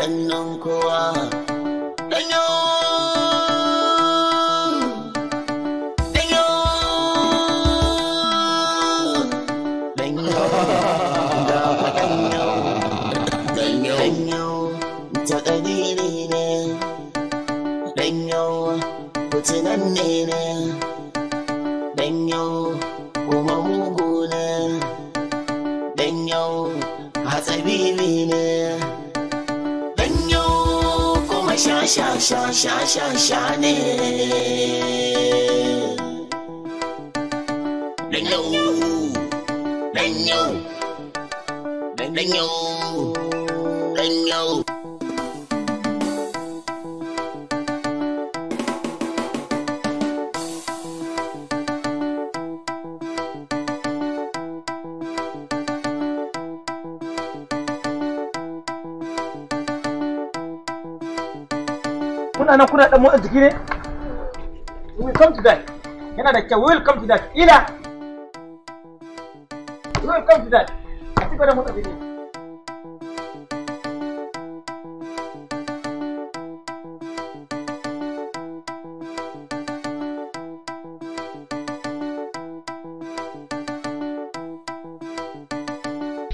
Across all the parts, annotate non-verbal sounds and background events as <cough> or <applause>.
kannan kowa shan shani đánh nhau đánh nhau đánh nhau đánh nhau أنا kuna dan motsa jiki ne to that yana da kyau to that ila we to that a cikin da motsa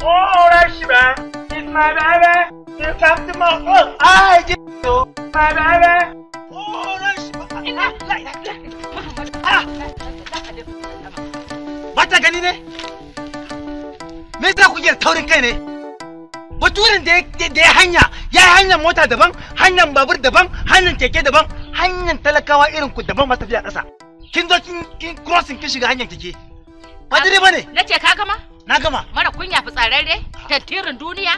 Oh, that's It's my baby. You come to my house. I get you. My baby. Bata gani ne? Me za ku iya taurin kai ne? Baturen da ya hanya, ya yi hanyar mota daban, hanyar babur daban, hanyar keke daban, hanyar talakawa irin ku daban masu tafiya ƙasa. Kin zo kin crossing kin shiga hanyar keke. Ba dai ba ne? Na ce ka gama? Na gama. Mara kunya fitsararre, tattirin duniya.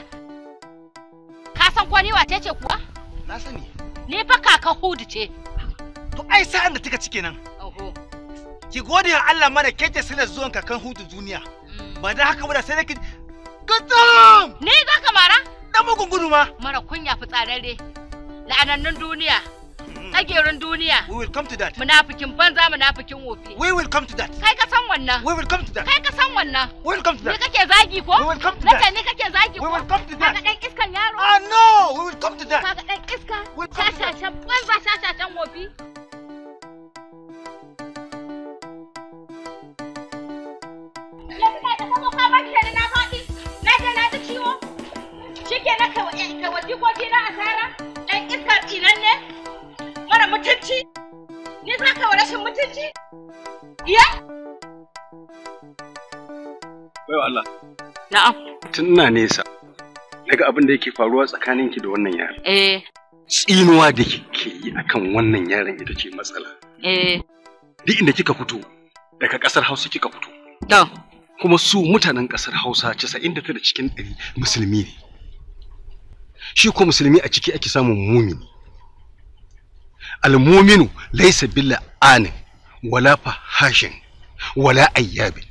Ka san ko ni wace ce kuwa? Na sani. Ni fa kaka Hudu ce. To ai sa'an da tuka cike kenan. ki gode wa Allah mana kece sila zuwan kakan kan hudu duniya mm. ba da haka sai da ki kasam! ne za ka mara dan mugun gudu ma mara kunya fitsararre la'anannun duniya mm. tsagerin duniya we will come to that munafikin banza munafikin wofi we will come to that kai ka san wannan we will come to that kai ka san wannan we will come to that ni kake zagi ko we will come to that ni kake zagi ko we will come to that kaga dan iskan yaro ah no we will come to that kaga dan iska shashashan banza shashashan wofi jikoki na asara ɗan iskar tsinan ne mara mutunci ni za ka rashin mutunci iya baiwa Allah na'am tun ina nesa daga abin da yake faruwa tsakanin ki da wannan yaron eh tsinuwa da kike yi akan wannan yaron ita ce matsala eh duk inda kika fito daga ƙasar Hausa kika fito to kuma su mutanen ƙasar Hausa 99 cikin 100 musulmi ne shi ko musulmi a ciki ake samun mumini almuminu laisa billa anin wala fahashin wala ayyabi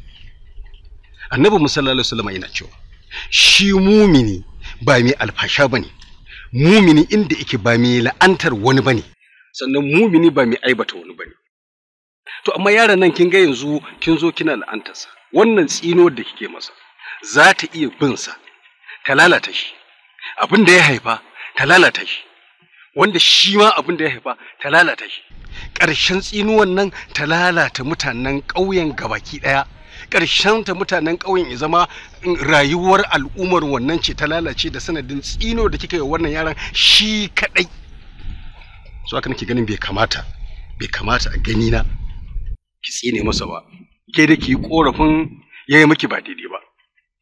annabi musallallahu alaihi wasallam yana cewa shi mumini ba mai alfasha bane mumini inda yake ba mai la'antar wani bane sannan mumini ba mai aibata wani bane to amma yaron nan kin ga yanzu kin zo kina la'antarsa wannan tsino da kike masa za ta iya bin sa ta lalata shi abin da ya haifa ta lalata shi wanda shi ma abin da ya haifa ta lalata shi ƙarshen tsinuwan nan ta lalata mutanen ƙauyen gabaki ɗaya ƙarshen ta mutanen ƙauyen ya zama mm, rayuwar al'ummar wannan ce ta lalace da sanadin tsino da kika yi wannan yaran shi kaɗai Su haka nake ganin bai kamata bai kamata a gani na ki tsine masa ba ke da ki korafin yayi miki ba daidai ba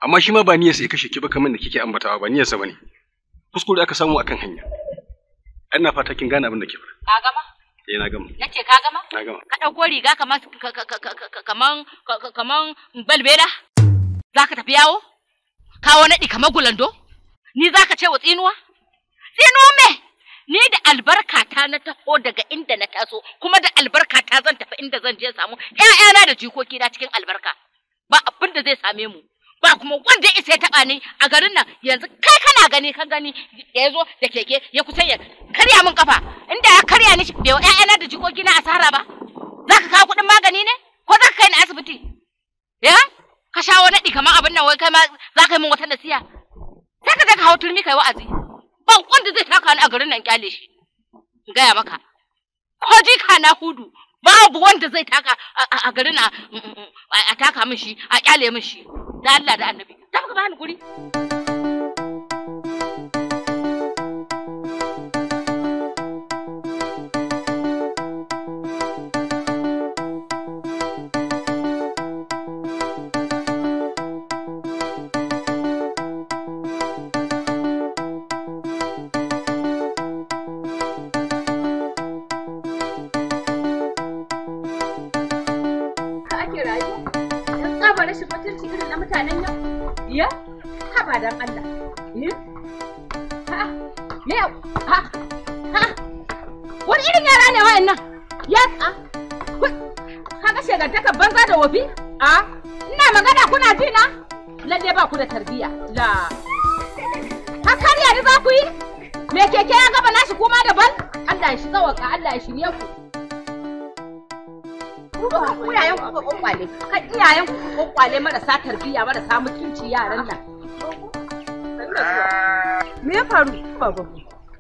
amma shi ma ba niyyarsa ya kashe ki ba kamar da kike ambatawa ba niyyarsa ne. kuskure aka samu akan hanya ina fata kin gane abin da ke faɗa ka gama eh na gama nace ka gama na gama ka dauko riga kamar kaman kaman balbela zaka tafi yawo kawo nadi kamar gulando ni zaka ce wa tsinuwa tsinuwa me ni da albarkata na taho daga inda na taso kuma da albarkata zan tafi inda zan je samu ƴaƴana da jikoki na cikin albarka ba abin da zai same mu ba kuma wanda isa ya taba ni a garin nan yanzu kai kana gani kan gani da ya zo da keke ya kusan ya karya min kafa inda ya karya ni bai wa ƴaƴana da jikoki na asara ba za ka kawo kuɗin magani ne ko za ka kai ni asibiti ya ka sha wani ɗi kamar abin nan wai kai ma za ka yi min wata nasiya za ka je ka hau turmi kai wa'azi ba wanda zai taka ni a garin nan kyale shi gaya maka ko jika na hudu babu wanda zai taka a garin a taka min shi a kyale min shi da Allah da annabi za ka bani guri wa rashin mutunci cikin na mutanen nan? Ya? Haba dan Allah. Ha? Me ha? Ha? Wani irin yara ne nan? Ya a? Kaga shegantaka banza da wofi? A? Ina magana kuna ji na? Lalle ba ku da tarbiyya. La. Ha karya ni za ku yi? Me keke ya gaba nashi kuma daban? Allah ya shiga waka, Allah ya shirye ku. iyayen ku kwakwale kan iyayen ku kwakwale marasa tarbiyya marasa mutunci yaran nan me ya faru baba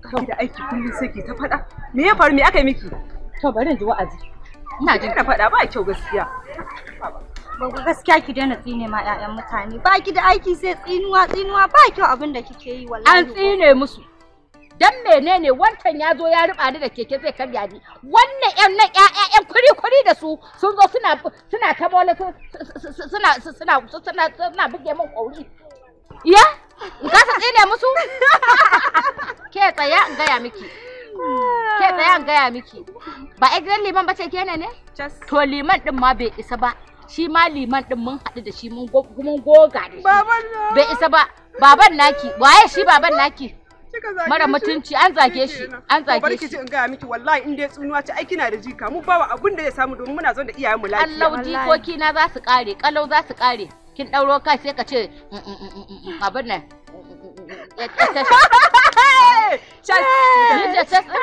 kan da aiki kullum saki ta faɗa me ya faru me aka yi miki to bari in ji wa'azi ina jin ka faɗa ba kyau gaskiya Babu gaskiya ki daina tsine ma 'ya'yan mutane ba ki da aiki sai tsinuwa tsinuwa ba kyau abin da kike yi wallahi an tsine musu dan menene wancan ya zo ya riba ni da keke zai karya ni wannan yan nan ƴaƴan kuri kuri da su sun zo suna suna ta bola suna suna suna suna buge min kauri iya in ka tsine musu ke tsaya in gaya miki ke tsaya in gaya miki ba ai gidan liman bace kenan ne to liman din ma bai isa ba shi ma liman din mun haɗu da shi mun goga da shi bai isa ba baban naki waye shi baban naki mara mutunci an zage shi an zage shi barki ji in gaya miki wallahi in dai tsunuwa ce ai kina da jika mu wa abin da ya samu domin muna zaune da iyayen mu lafiya Allah jikoki na za su kare kalau za su kare kin dauro kai sai ka ce mm, mm, mm, abin nan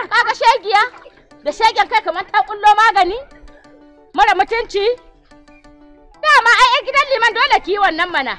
kaga shegiya da shegen kai kamar ta kullo magani mara mutunci dama ai gidan liman dole ki wannan mana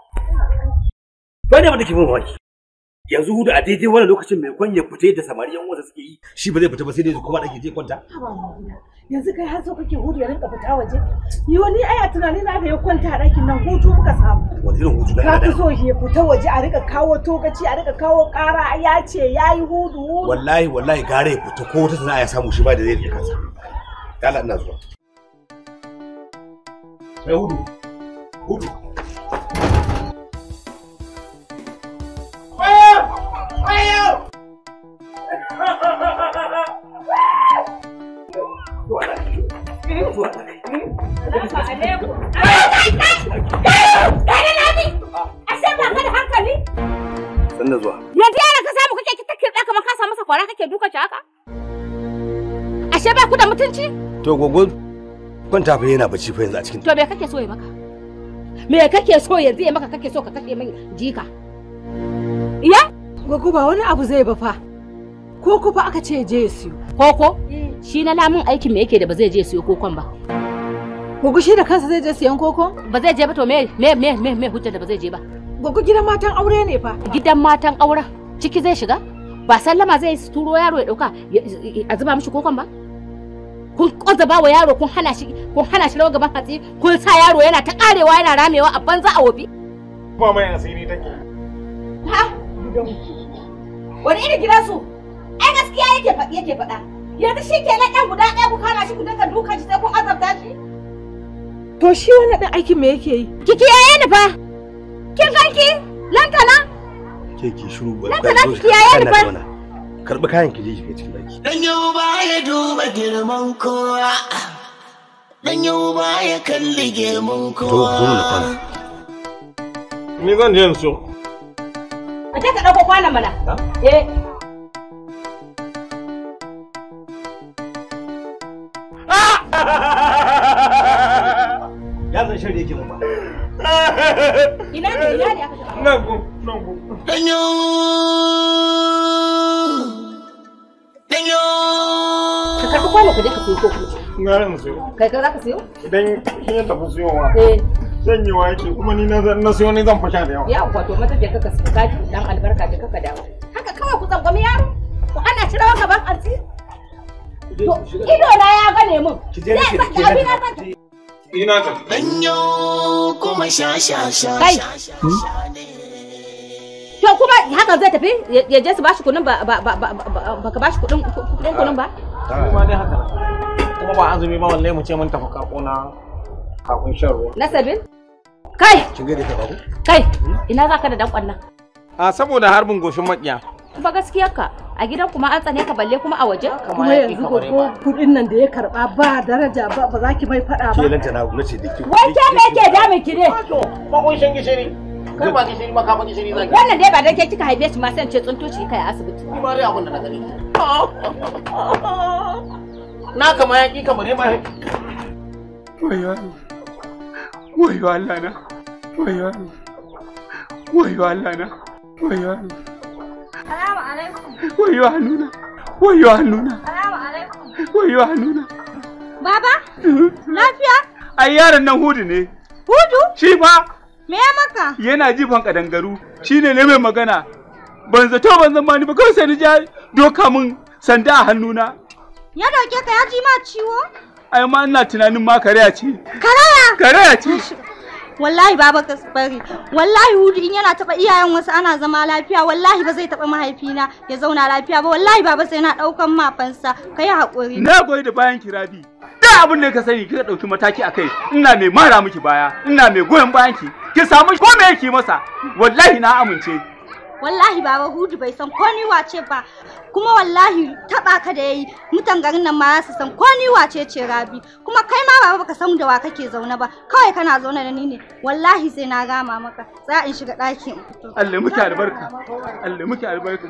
wani abin da ke mamaki yanzu hudu a daidai wani lokacin mai kwan ya fita da samari yan uwansa suke yi shi ba zai fita ba sai dai kuma dake je kwanta yanzu kai har so kake hudu ya rinka fita waje ni wani ai a tunanin na ya kwanta a ɗakin nan hutu muka samu wani irin hutu ka fi so ya fita waje a rika kawo tokaci a rika kawo ƙara ya ce ya yi hudu wallahi wallahi gare ya fita ko wata sana'a ya samu shi ba da zai rike kansa dala ina zuwa sai hudu hudu To gogo kwanta fa yana bacci fa yanzu a cikin. To me kake so ya maka? Me kake so yanzu ya maka kake so ka kashe min jika? Iya? Gogo ba wani abu zai ba fa. Ko ku fa aka ce je ya siyo. Koko? Eh. Shi na lamun aikin me yake da ba zai je ya siyo kokon ba. Gogo shi da kansa zai je siyan koko? Ba zai je ba to me me me me me hujjar da ba zai je ba. Gogo gidan matan aure ne fa. Gidan matan auren ciki zai shiga? Ba sallama zai turo yaro ya dauka a zuba mishi kokon ba? kun kwazaba wa yaro kun hana shi kun hana shi rawa gaban hatsi kun sa yaro yana ta karewa yana ramewa a banza a wobi ba mai asiri take ha wani irin gida su ai gaskiya yake faɗi yake faɗa yanzu shi ke nan guda ɗaya ku kana shi ku daga duka shi sai kun azabta shi to shi wani ɗan aikin me yake yi kiki yaye ni fa kin ganki lantana ke ki shiru ba lantana kiki yaye ni fa karbi kayan ki je ki cikin daki dan yau ba ya duba girman kowa dan yau ba ya kalli girman kowa to ni zan je so a ta ka dauko kwanan mana eh <laughs> ya zan shirye ki ba ina ne ina ne aka nan go nan go danyo Ɗanyo! Ka karɓi kwano ka je ka siyo ko kuma. Na ran siyo. Kai ka za ka siyo? Idan kin yi tafi siyowa. Eh. Zan yi wa kuma ni na siyo ni zan fasha da yawa. Yawa wato mata je kaka siyo kaji dan albarka je kaka dawo. Haka kawai ku tsangwami ana ci gaban arti? To ya gane min. Ki ta. to kuma haka zai tafi ya je su bashi kudin ba ba ba ba ba ka bashi kudin kudin kudin ba kuma dai haka kuma ba azumi ba wallahi mu ce mun tafi kako kakun shan ruwa na sabin kai kin ga ta babu kai hmm? ina zaka da dan kwallon a saboda harbin goshin makiya ba gaskiyar ka a gidan kuma an tsane ka balle kuma a waje kuma yanzu ko kudin nan da ya karba ba daraja ba ba za ki mai fada ba ke lanta na ce da ki wai ke me ke damin ki ne ba kun kunshin gishiri Kai ba gishiri ba ka ba gishiri zaki. Wannan dai ba dan kika haife shi ma sai ce tsunto kai asibiti. Ni ma abin da na gani. Na kama yaki kamar ne ma. Wayo Allah. Wayo Allah na. Wayo Allah. Wayo Allah na. Wayo Allah. alaikum. Wayo Wayo Wayo Baba? Mhm. Lafiya? Ai yaron nan hudu ne. Hudu? Shi ba. Me ya maka? Yana jifan kadangaru. Shine ne mai magana. Ban zato ban zama ni ba kawai sai ni ja doka min sanda a hannuna. Ya dauke ka ya ji ma ciwo? Ai ma ina tunanin ma karaya ce. Karaya? Karaya ce. Wallahi baba bari. wallahi hudu in yana taba iyayen wasu ana zama lafiya, wallahi ba zai taba mahaifina ya zauna lafiya ba, wallahi baba sai na daukan fansa. kai hakuri. Na goyi da bayan kirabi. Da abin da ka sani kika dauki mataki akai, ina mai mara miki baya, ina mai goyon bayan ki. ki samu ko me yake masa wallahi na amince wallahi baba hudu bai san ko ni wace ba kuma wallahi taba ka da yayi mutan garin nan ma za su san ko ni wace ce rabi kuma kai ma baba baka san da wa kake zaune ba kawai kana zaune da ni ne wallahi sai na gama maka za in shiga ɗakin Allah muke albarka Allah muke albarka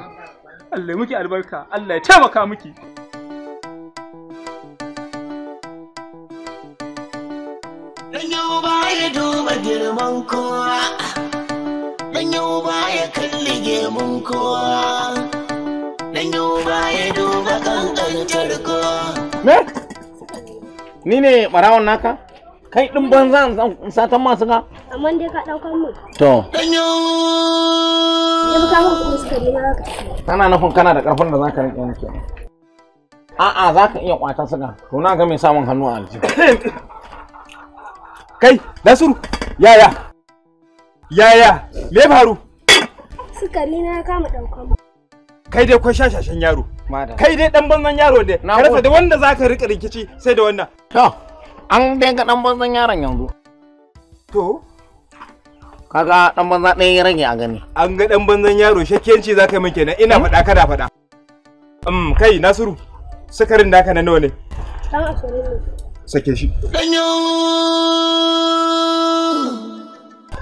Allah muke albarka Allah ya taimaka miki girman kowa dan yau ya kalli gemun kowa dan yau ya duba kankantar kowa me ni ne barawon naka kai din banza satan masu ka amman dai ka daukan mu to ka yau kana nufin kana da karfin da zaka rinka yanke a'a zaka iya kwata suga to na ga mai samun hannu a aljihu <coughs> Kai, Nasiru, yaya? Yaya, me faru? Sukari na ya kama daukan mu. Kai dai kun shashashen yaro. Kai dai ɗan banzan yaro dai. Ka rasa da wanda zaka rika riƙa rikici sai da wannan. To, an dai ga ɗan banzan yaron yanzu. To, kaga ɗan banzan ɗaya ya rage a gani. An ga ɗan banzan yaro shakiyanci za yi min kenan ina hmm? faɗa kada faɗa. Um, kai Nasiru, sukarin da ka na nawa ne? ashirin ne. sake shi danyo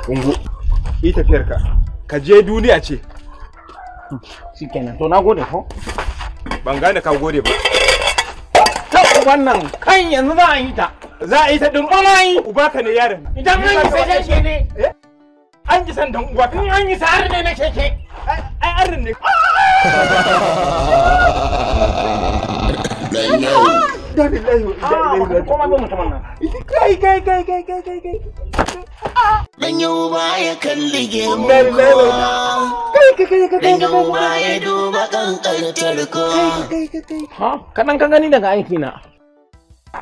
ungo yi tafiyar ka ka je duniya ce kenan, to na gode ko ban gane ka gode ba ta wannan kan yanzu za a yi ta za a yi ta din yi. uba ka ne yaron idan an yi sa keke ne eh? an yi san dan uwa kan an yi sa'ar ne na keke ai arrin ne <laughs> da Kai kai kai kai kai kai kai. Kai kai kai kai. Kai kai kai. Ha kadan ka gani daga aiki na.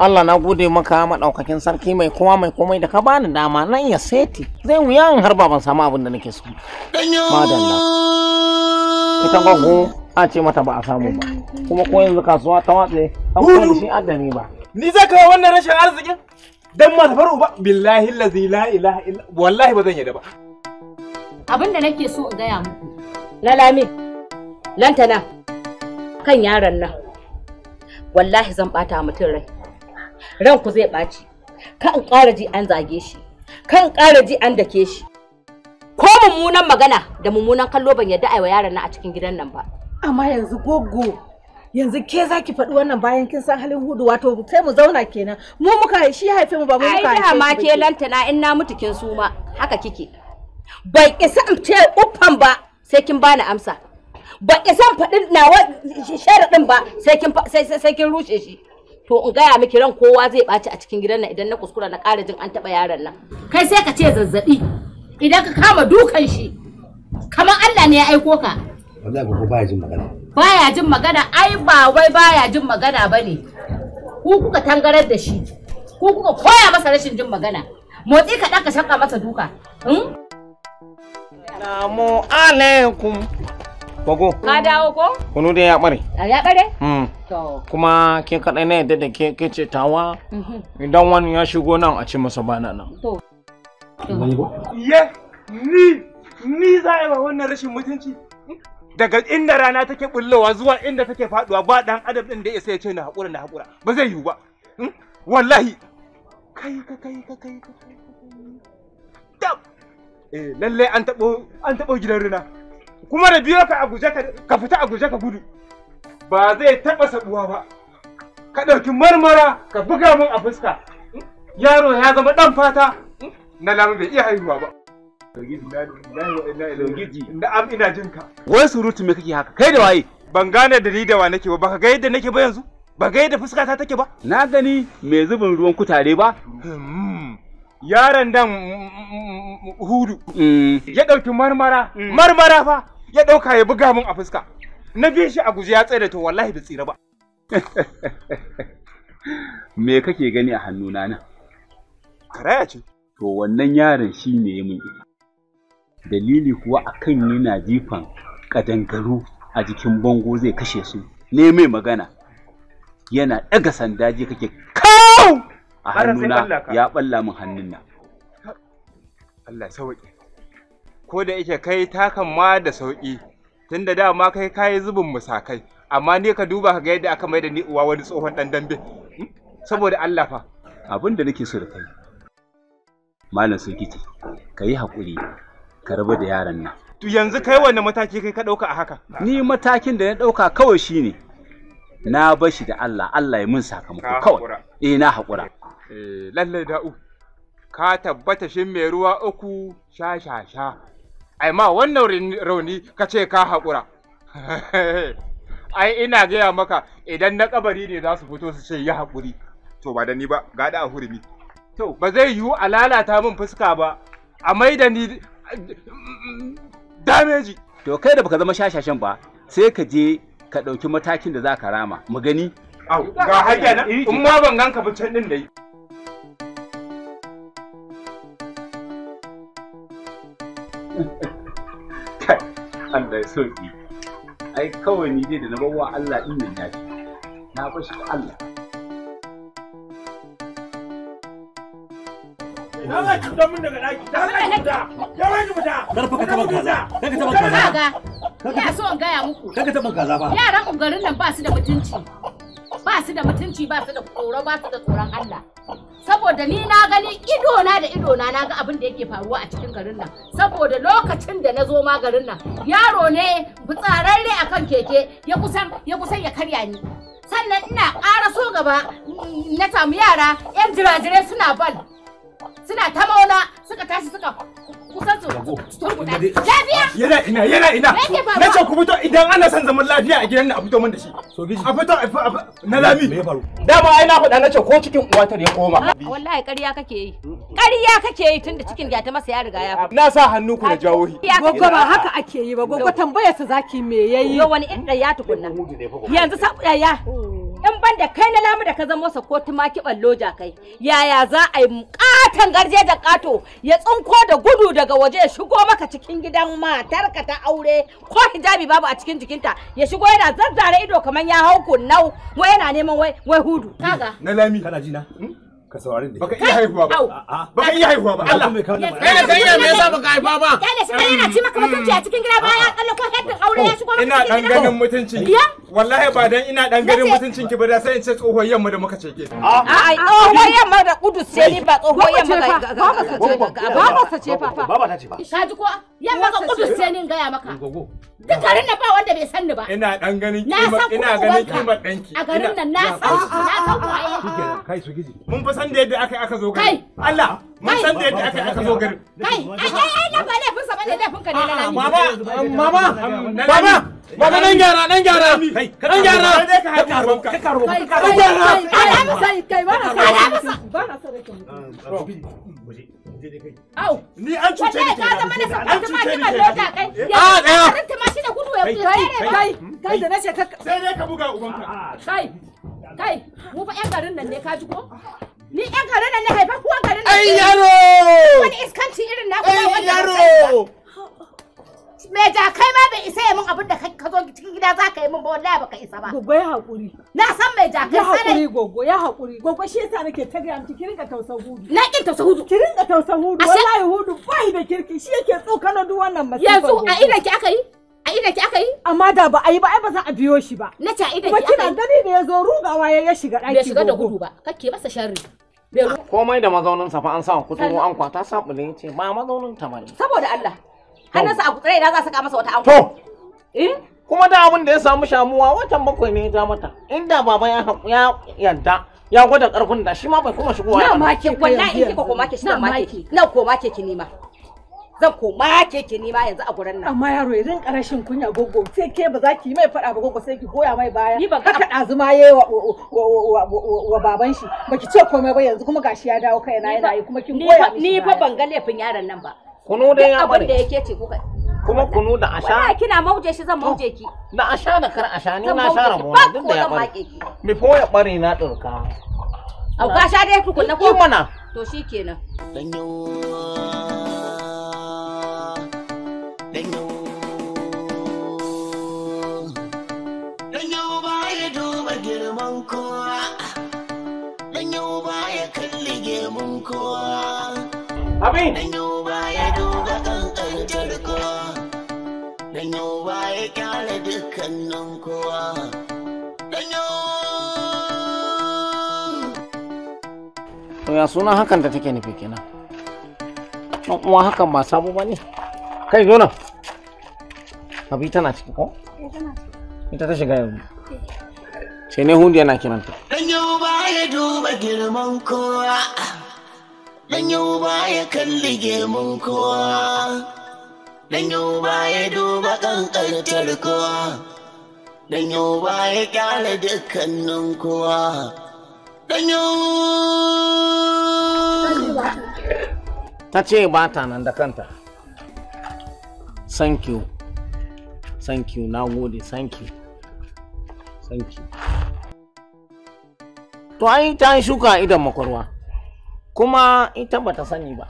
Allah na gode maka maɗaukakin sarki mai kowa mai komai da ka bani dama nan ya seti zai wuya in har ban samu abin da nake so. Madalla. Ita gwaggo an ce mata ba a samu ba kuma ko yanzu kasuwa ta watse an kuma shi adami ba ni zai kawo wannan rashin arzikin dan ma tafar uba, billahi lazi la ilaha illa wallahi ba zan yi da ba abin da nake so in gaya muku lalami lantana kan yaron nan wallahi zan bata mutum rai ranku zai ɓaci kan ƙara ji an zage shi kan ƙara ji an dake shi ko mummunan magana da mummunan kallo ban yadda aiwa yaron nan a cikin gidan nan ba amma yanzu gogo yanzu ke za ki faɗi wannan bayan kin san halin hudu wato sai mu zauna kenan mu muka shi haife mu ba mu muka haife ma ke lantana in na mutu kin suma haka kike bai isa in ce uffan ba sai kin bani amsa bai isa in faɗi nawa sharaɗin ba sai kin sai kin rushe shi to in gaya miki ran kowa zai ɓaci a cikin gidan nan idan na kuskura na ƙara jin an taɓa yaron nan kai sai ka ce zazzaɓi idan ka kama dukan shi kamar Allah ne ya aiko ka wallahi gogo baya jin magana baya jin magana ai ba wai baya jin magana bane ku kuka tangarar da shi ku kuka koya masa rashin jin magana motsi ka kaɗan ka shaka masa duka hmm? Salamu alaikum bago Ka dawo ko? Kunu dai ya bare. Ya bare? Mm. To. Kuma ke kadai na yadda da ke ce tawa. Mhm. Idan wani ya shigo nan a ci masa bana nan. To. Ye, ni ni za a yi wa wannan rashin mutunci. daga inda rana take bullowa zuwa inda take faduwa ba dan adam din da isa ya ce na hakura na hakura ba zai yiwu ba hmm? wallahi kai ka kai ka kai ka tab eh lalle an tabo an tabo gidan rina kuma da biyo ka a guje ka ka fita a guje ka gudu ba zai taba sabuwa ba ka dauki marmara ka buga mun a fuska hmm? yaro ya zama dan fata hmm? na lamu bai iya haihuwa ba ina jin ka. Wai surutu me kake haka? Kai da waye? Ban gane da ni da wa nake ba, baka ga yadda nake ba yanzu? Ba ga yadda fuskata take ba? Na gani mai zubin ruwan kutare ba? Hmm. Yaron dan mm, mm, mm, hudu hmm. ya ɗauki marmara, hmm. marmara fa ya ɗauka ya buga mun a fuska. Na bi shi a guje ya tsaye da to wallahi da tsira ba. <laughs> Me kake gani a hannuna nan? Karaya ce. To wannan yaron shi ne ya mun ita. dalili kuwa a akan yana jifan ƙadangaru a jikin bango zai kashe su ne mai magana yana ɗaga sanda je kake kawo a hannuna ya ɓalla min hannun na Allah sauƙi ko da yake kai takan ma da sauƙi tunda dama kai kayi zubin musakai amma ne ka duba ka ga yadda aka mai da ni uwa wani tsohon ɗan dambe hmm? saboda Allah fa abin da nake so da kai malam sarki ka yi haƙuri ka rabu da yaran nan to yanzu kai wanne mataki kai ka dauka a haka ni matakin da na dauka kawai shine na bashi da Allah Allah ya mun sakamako kawai eh na hakura eh lalle da'u ka tabbata shin mai ruwa uku sha sha sha ai ma wannan rauni ka ce ka hakura <laughs> ai ina gaya maka idan na kabari ne za su fito su ce ya hakuri to ba da ni ba gada a hurumi to ba zai yiwu a lalata min fuska ba a mai da ni dameji to kai da baka zama shashashan ba sai ka je ka ɗauki matakin da za ka rama mu gani ga hanya na in ma ban ganka ba can din da Allah ya sauki ai kawai ni dai da na bawa Allah din nan ya na bashi Allah Na za min daga ɗaki. Da haka ki ka taɓa kaza. Kar ka taɓa kaza. Kaga. Ina ka taɓa kaza ba. Yaran ungarin nan ba su da mutunci. Ba su da mutunci ba su da tsoro ba su da tsoron Allah. Saboda ni na gani idona da idona na ga abin da yake faruwa a cikin garin nan. Saboda lokacin da na zo ma garin nan yaro ne fitsararre akan keke ya kusan ya kusan ya karya ni. Sannan ina ƙara so gaba na samu yara 'yan jirajire suna ban. suna ta mauna suka tashi suka kusan su turkuta lafiya yana ina yana ina na ce ku fito idan ana son zaman lafiya a gidan nan a fito min da shi a fito na lami dama ai na faɗa na ce ko cikin uwatar ya koma wallahi ƙarya kake yi ƙarya kake yi tunda cikin ya ta masa ya riga ya na sa hannu ku na jawo gogo ba haka ake yi ba gogo tambayar sa zaki me yayi yo wani irin ya tukunna yanzu sabu ya hmm. in ban da kai na lamu da ka zama sa ko tumaki ballo kai yaya za a yi katon garje da kato ya tsinko da gudu daga waje ya shigo maka cikin gidan matarka ta aure ko hijabi babu a cikin jikinta ya shigo yana zazzare ido kamar ya hau kunnau wai yana neman wai hudu kaga na lami kana ji hmm? ka saurari da baka iya haihuwa ba baka iya haihuwa ba Allah yana san yana me yasa baka haifa ba kai da yana ci maka mutunci a cikin gida baya kallo ko aure ya shigo ina dan ganin mutunci wallahi ba dan ina dan ganin mutuncin ki ba da sai in ce tsohon yamma da muka ce ke a a tsohon yamma da kudus ce ni ba tsohon yamma ga ga ga baba sa ce fa ta ce ka ji ko yamma ga kudus ce ni gaya maka duk garin na ba wanda bai san ni ba ina dan ganin ina ganin kimar danki a garin nan na san na san kai su mun san da yadda aka aka zo gari Allah mun san da yadda aka aka zo gari kai ai ai na ba laifin sa bane laifin ka ne na mama mama mama mama nan gyara nan gyara nan gyara ka karo ka karo ka karo ka karo sai kai ba na ka na Au, ni an cuce ni. ka zama ne sabon lota kai. Ah, daya. Karin tumaki da gudu ya kai kai kai da nace ka sai dai ka buga ubanka. Kai kai mu fa yan garin nan ne ka ji ko? Ni ƴan garin nan na haifa kuwan garin nan. Ai yaro! Wani iskanci irin na kuma wanda yaro! Me ja kai ma bai isa min abin da ka zo cikin gida za ka yi min ba wallahi baka isa ba. Gogo ya haƙuri. Na san me ja kai Ya haƙuri gogo ya haƙuri. Gogo shi yasa nake ta gaya miki ki tausan hudu. Na kin tausan hudu. Ki rinka tausan hudu wallahi hudu bai da kirki shi yake tsokana duk wannan masifa. Yanzu a idan ki aka yi? a ina ki aka yi amma da ba a yi ba ai ba za a biyo shi ba na ta ina ki aka yi gani da ya zo rugawa ya shiga ɗaki bai shiga da gudu ba kake masa sharri komai da mazaunin sa fa an sa kuturu an kwata sabu ne yace ba mazaunin ta bane saboda Allah hannunsa a kutsare da za saka masa wata anko to eh? kuma da abin da ya samu shamuwa watan bakwai ne ya ja mata inda baba ya ya yadda ya gwada karfin da shi ma bai kuma shigowa na make wallahi kika ko make shi na make na ko make ki nima zan koma keke ni ma yanzu a gurin nan. Amma yaro idan karashin kunya gogo sai ke ba za ki yi mai fada ba gogo sai ki goya mai baya. Ni ba ka da zuma yayi wa baban shi baki ce komai ba yanzu kuma gashi ya dawo kai na yana yi kuma kin koya mishi. Ni fa ban ga laifin yaron nan ba. Kunu da ya bari. Abin da yake ce kuka. Kuma kunu da asha. Wala kina mauje shi zan mauje ki. na asha da kar asha ni na sha rabo duk da ya bari. Before ya bari na ɗurka. Au ka sha dai tukunna ko? mana. To shikenan. yau Abin! Danyowa ya kyale dukkanin kowa. To ya sunan hakan da take nufi kenan. Ɗan uwa hakan ba sabo ba ne. Kai zo nan. Abi tana ciki ko? Eh, Ita ta shiga yanzu. Sai ne hundi yana kiranta. Danyowa ya duba girman kowa. dan yau ba ya kalli gemun kowa dan yau ba ya duba ƙanƙantar kowa dan yau ba ya ƙyale dukkanin kowa dan yau ta ce ba ta nan da kanta thank you thank you na gode thank you thank you to ai ta shuka idan makwarwa kuma ita bata sani ba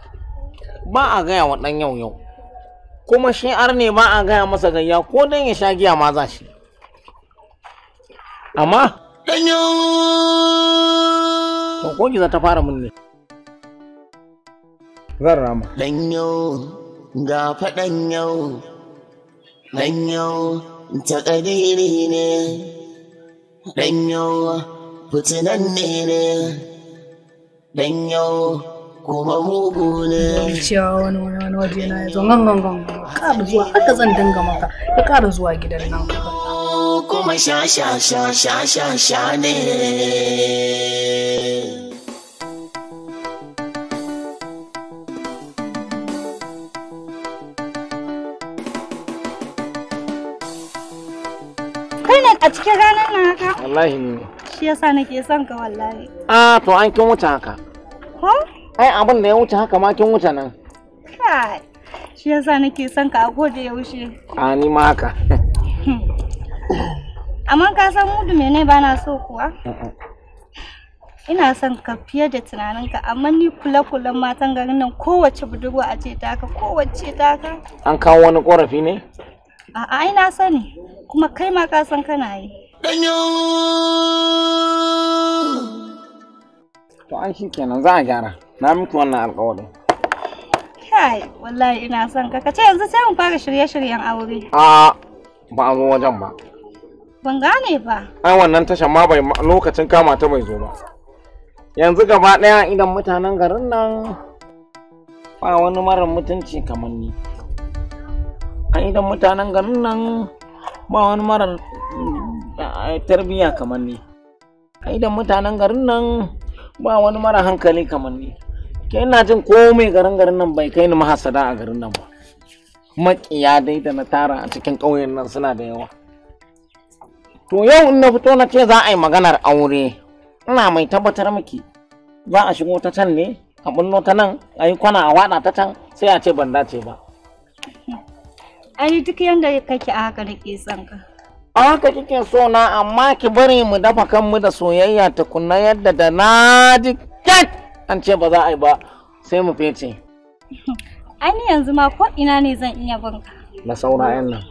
ba a gaya wa ɗan yau yau kuma shi ar ne ba a gaya masa gayya ko dan ya sha giya ma za shi amma ɗan yau ko giza ta fara mun ne zan rama ɗan yau ga faɗan yau ɗan yau ta ƙadiri ne ɗan yau fitinan ne ne dan yau kuma mugu ne cewa wani wani waje na ya zo gangan gangan ƙara zuwa haka zan dinga maka ka ƙara zuwa gidan nan kuma sha sha sha sha sha sha ne a cikin ranar na haka? Wallahi ne. Shi yasa nake son ka wallahi. Ah, to an kin wuce haka. ai abin da ya wuce haka ma kin wuce nan shi yasa nake son ka a koda yaushe a ni ma haka <laughs> amma ka san mudu mene ba na so kuwa ina son ka fiye da tunaninka amma ni kula kula matan garin nan kowace budurwa a ce taka kowace taka an kawo wani korafi ne a'a ina sani kuma kai ma ka san kana yi Ganyo! to an shi kenan za a gyara na muku wannan alƙawari. kai wallahi ina son ka kace yanzu sai mu fara shirye-shiryen aure a ba a zo wajen ba ban gane ba ai wannan tashan ma bai lokacin kama ta bai zo ba yanzu gaba ɗaya idan mutanen garin nan ba wani mara mutunci kamar ni a idan mutanen garin nan ba wani mara mm, mm, tarbiyya kamar ni a idan mutanen garin nan ba wani mara hankali kamar ni ke ina jin komai garin garin nan bai kai ni mahasada a garin nan ba makiya dai da na tara a cikin ƙauyen nan suna da yawa to yau in na fito na ce za a yi maganar aure ina mai tabbatar miki za a shigo ta can ne a bunno ta nan a yi kwana a wada ta can sai a ce ban dace ba ai duk yanda kake a haka nake son ka haka kike so na amma ki bari mu dafa kanmu da soyayya tukunna yadda da na ji kat an ce ba za a yi ba sai mu fece. Ani <laughs> yanzu ma ko ina ne zan iya banka. Na saura yan nan.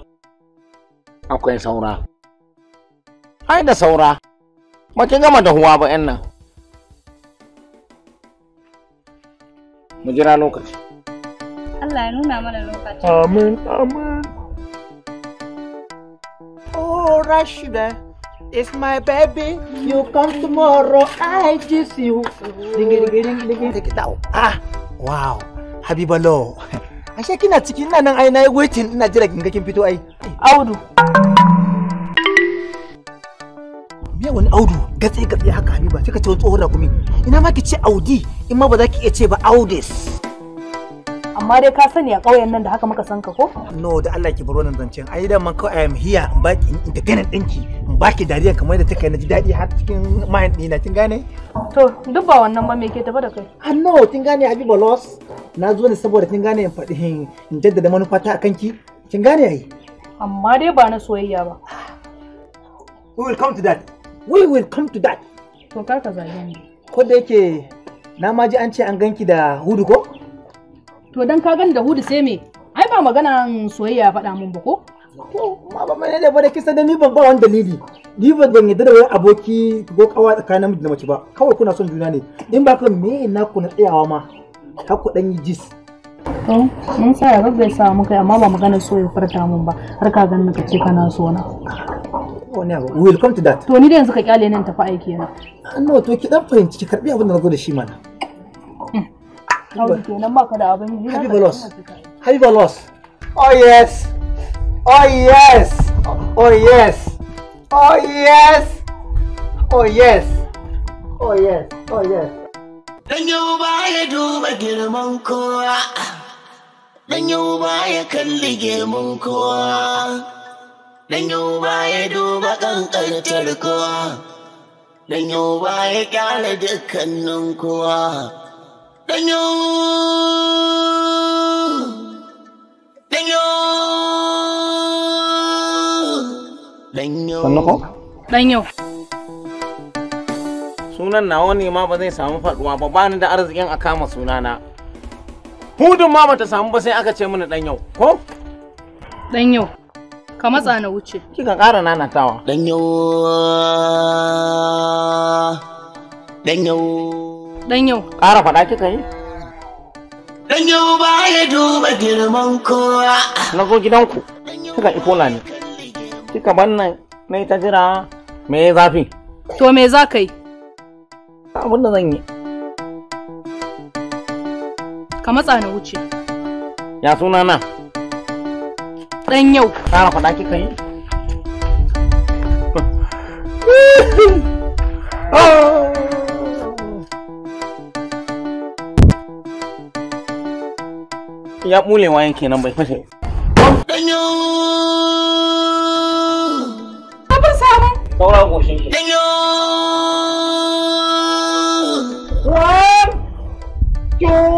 Akwai saura. Ai da saura. Ba ki gama huwa ba yan nan. Mu jira lokaci. Allah ya nuna mana lokaci. Amin, amin. tomorrow, Rashida. It's my baby. You come tomorrow. I kiss you. Ding ding ding ding Ah, wow. Habiba Law. <laughs> Ashe kina tiki na nang ay na waiting na jira kin ga kin ay. ai. Audu. Me wani Audu? Gatse gatse haka Habiba. Kika ce tsohon rakumi. Ina ma ki ce Audi in ma ba za ki iya ce ba Audis. amma dai ka sani a ƙauyen nan da haka muka san ka ko no da Allah ki bar wannan zancen ai da man kawai am here in baki in da ganin dinki in baki dariya kamar yadda take na ji daɗi har cikin mind na kin gane to duk ba wannan ba me ke tafa da kai ah no kin gane Habiba Los na zo ne saboda kin gane in faɗi in jaddada manufata akan ki kin gane ai amma dai ba na soyayya ba we will come to that we will come to that to kar ka zage ni ko da yake na ma ji an ce an ganki da hudu ko to dan ka gani da hudu sai me ai ba magana soyayya faɗa mun ba ko to ma ba mai da kisa da ni ban ba wani dalili ni ban ban yadda da wani aboki ko kawa tsakanin namiji da mace ba kawai kuna son juna ne in ba ka me na ku na tsayawa ma har ku dan yi jis to mun sa ya gaggai sa muka amma ba magana soyayya ya furta mun ba har ka gani ka ce kana so na Welcome we to that to ni da yanzu ka kyale nan tafi aiki na ah, no to ki dan fahimci ki karbi abin da na zo da shi mana kawai kenan ba ka da abin yi happy balos happy balos oh yes oh yes oh yes oh yes oh yes oh yes oh yes dan yau ba ya duba girman kowa dan yau ba ya kalli girman kowa dan yau ba ya duba kankantar kowa dan yau ba ya kyale dukkanin kowa Danyo, danyo, danyo. Sannu ko? Danyo. Sunan nawa ne ma ba zai samu faɗuwa ba ba ni da arzikin a kama sunana. Hudun ma bata samu ba sai aka ce mini danyo, ko? Danyo. Ka matsa na wuce. Kika ƙara nanatawa. Danyo. Danyo. Dan yau. Ƙara faɗa kika yi? Dan yau ba ya duba girman kowa. Na zo gidanku, kika ifola ne. Kika ban nan mai ta jira me zafi. To me za ka yi? Abin da zan yi. Ka matsa na wuce. Ya suna na. Dan yau. Ƙara faɗa kika yi? Oh! <laughs> ya mule wayan kenan bai fashe danyo kabar samu saura goshin ki danyo Yo!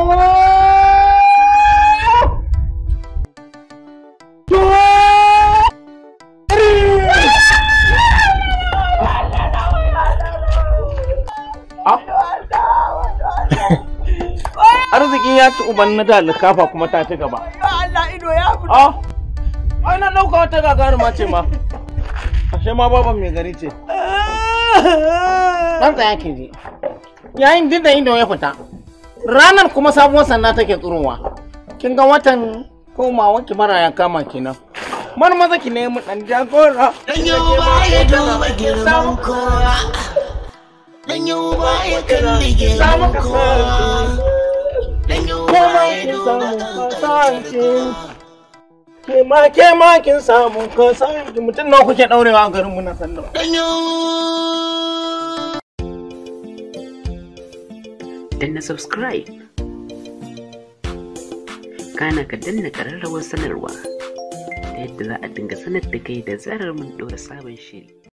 ya ci uban na da likafa kuma ta ci gaba. Allah ido ya fito. Ah. Ai na dauka wata gagaruma ce ma. Ashe ma baban mai gari ce. Dan tsaya ke ji. Yayin duk da ido ya fita. Ranar kuma sabuwar sanna take tsurowa. Kin ga watan komawa mara ya kama kenan. Mar maza ki mu dan jagora. Dan yau ba ya duba girman kowa. Dan yau ba ya kalli girman kowa. kin samu kasancin ke ma kin samu kasancin mutum na kuke daurewa a garin mu na sallama danna subscribe kana ka danna kararrawar sanarwa ta yadda za a dinga sanar da kai da zarar mun ɗora sabon shiri